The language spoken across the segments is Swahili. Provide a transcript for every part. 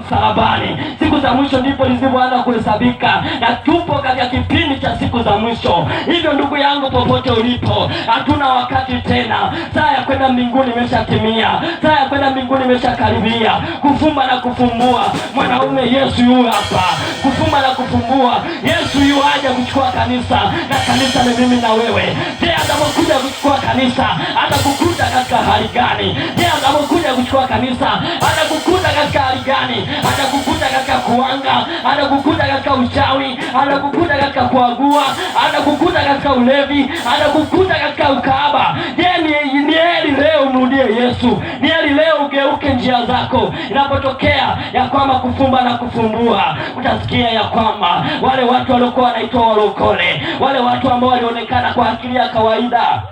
Msalabani, siku za mwisho ndipo zilipoanza kuhesabika, na tupo katika kipindi cha siku za mwisho. Hivyo ndugu yangu, popote ulipo, hatuna wakati tena. Saa ya kwenda mbinguni imeshatimia, saa ya kwenda mbinguni imeshakaribia. Kufumba na kufumbua, mwanaume Yesu yu hapa. Kufumba na kufumbua, Yesu yu aje kuchukua kanisa, na kanisa ni mimi na wewe. Je, atakapokuja kuchukua kanisa atakukuta katika hali gani? Je, atakapokuja kuchukua kanisa gani, atakukuta katika kuanga, atakukuta katika uchawi, atakukuta katika kuagua, atakukuta katika ulevi, atakukuta katika ukahaba. Je, ni heri leo umrudie Yesu, ni heri leo ugeuke njia zako. Inapotokea ya kwamba kufumba na kufumbua, utasikia ya kwamba wale watu waliokuwa wanaitwa walokole, wale watu ambao walionekana kwa akili ya kawaida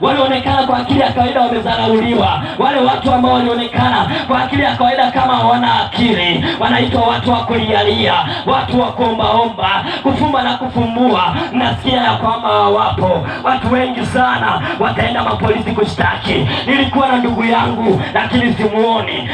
walionekana kwa akili ya kawaida wamezarauliwa. Wale watu ambao walionekana kwa akili ya kawaida kama hawana akili, wanaitwa watu wa kulialia, watu wa kuombaomba, kufumba na kufumbua. Nasikia ya kwamba wapo watu wengi sana wataenda mapolisi kushtaki. Nilikuwa na ndugu yangu lakini simuoni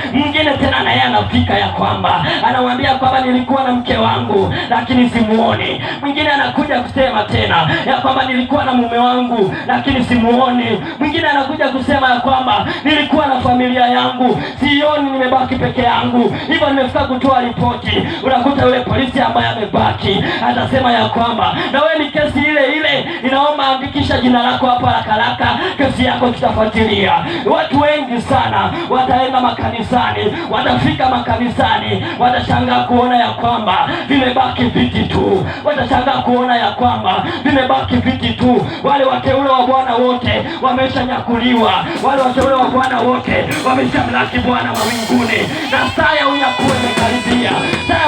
anafika ya kwamba anamwambia kwamba nilikuwa na mke wangu lakini simuoni. Mwingine anakuja kusema tena ya kwamba nilikuwa na mume wangu lakini simuoni. Mwingine anakuja kusema ya kwamba nilikuwa na familia yangu sioni, nimebaki peke yangu, hivyo nimefika kutoa ripoti. Unakuta yule polisi ambaye amebaki atasema ya kwamba na wewe ni kesi ile ile, ninaomba andikisha jina lako hapa haraka, kesi yako tutafuatilia. Watu wengi sana wataenda makanisani, watafika wataenda makanisani watashangaa kuona ya kwamba vimebaki viti tu, watashangaa kuona ya kwamba vimebaki viti tu. Wale wateule wa Bwana wote wameshanyakuliwa, wale wateule wa Bwana wote wameshamlaki Bwana mawinguni, na saa ya unyakuo imekaribia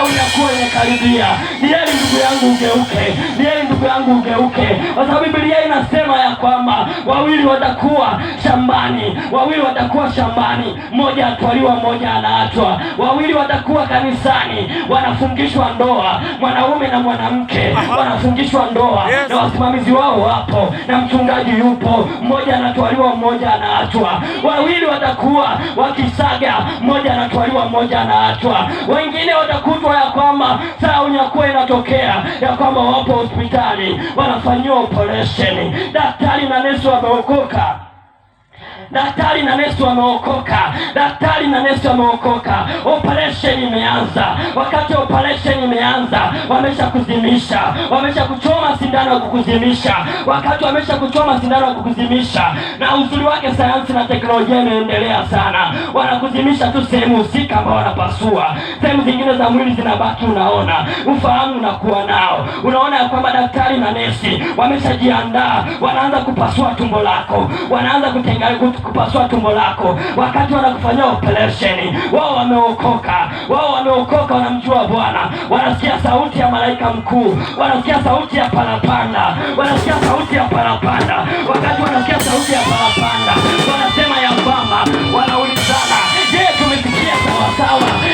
zamu ya kuwa imekaribia. Ni heri ndugu yangu ugeuke, ni heri ndugu yangu ugeuke, kwa sababu Biblia inasema ya kwamba wawili watakuwa shambani, wawili watakuwa shambani, mmoja atwaliwa, mmoja anaachwa. Wawili watakuwa kanisani, wanafungishwa ndoa, mwanaume na mwanamke wanafungishwa ndoa yes. na wasimamizi wao wapo na mchungaji yupo, mmoja anatwaliwa, mmoja anaachwa. Wawili watakuwa wakisaga, mmoja anatwaliwa, mmoja anaachwa. Wengine watakutwa ya kwamba saa unyakuwa inatokea ya kwamba wapo hospitali wanafanyiwa operesheni, daktari na nesi wameokoka daktari na nesi wameokoka, daktari na nesi wameokoka. Operation imeanza. Wakati operation imeanza, wameshakuzimisha, kuchoma sindano ya kukuzimisha, wakati kuchoma sindano ya kukuzimisha. Na uzuri wake sayansi na teknolojia imeendelea sana, wanakuzimisha tu sehemu husika ambao wanapasua, sehemu zingine za mwili zinabaki. Unaona, ufahamu unakuwa nao, unaona ya kwamba daktari na nesi wameshajiandaa, wanaanza kupasua tumbo lako, wanaanza kutenga kupasua tumbo lako, wakati wanakufanyia operesheni. Wao wameokoka, wao wameokoka, wanamjua Bwana, wanasikia sauti ya malaika mkuu, wanasikia sauti ya parapanda, wanasikia sauti ya parapanda. Wakati wanasikia sauti ya parapanda, wanasema ya kwamba, wanaulizana, je, tumesikia sawasawa?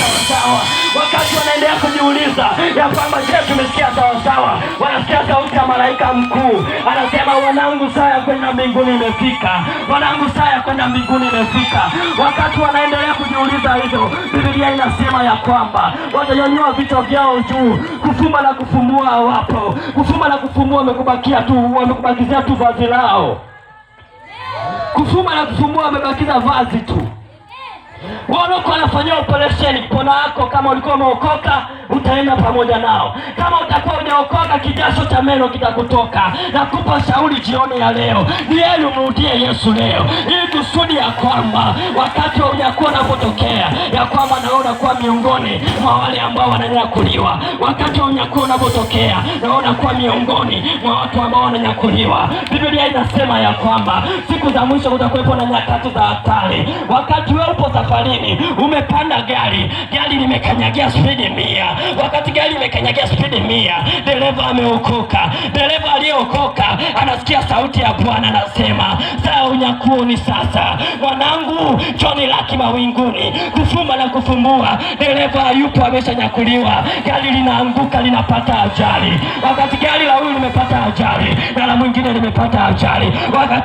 sawasawa, wakati wanaendelea kujiuliza ya kwamba je, tumesikia sawasawa, wanasikia sauti ya malaika mkuu anasema, wanangu, saa ya kwenda mbinguni imefika, wanangu, saa ya kwenda mbinguni imefika. Wakati wanaendelea kujiuliza hivyo, Biblia inasema ya kwamba watanyanyua vichwa vyao juu, kufumba na kufumua hawapo. Kufumba na kufumbua wamekubakia tu, wamekubakizia tu vazi lao. Kufumba na kufumua wamebakiza vazi tu uko anafanyia operation kupona yako, kama ulikuwa umeokoka utaenda pamoja nao. Kama utakuwa hujaokoka, kijasho cha meno kitakutoka. Nakupa shauri jioni ya leo ni yeye, umrudie Yesu leo, ili kusudi ya kwamba wakati wa unyakuo unapotokea, ya kwamba nawe unakuwa miongoni mwa wale ambao wananyakuliwa. Wakati wa unyakuo unapotokea, nawe unakuwa miongoni mwa watu ambao wananyakuliwa. Biblia inasema ya kwamba siku za mwisho kutakuwepo na nyakati za hatari. Wakati wewe upo safarini, umepanda gari, gari limekanyagia spidi mia Wakati gari imekanyagia spidi mia, dereva ameokoka. Dereva aliyeokoka anasikia sauti ya Bwana anasema, saa unyakuo ni sasa, mwanangu choni laki mawinguni, kufumba na kufumbua. Dereva yupo ameshanyakuliwa. Gari linaanguka linapata ajali. Wakati gari la huyu limepata ajali na la mwingine limepata ajali, wakati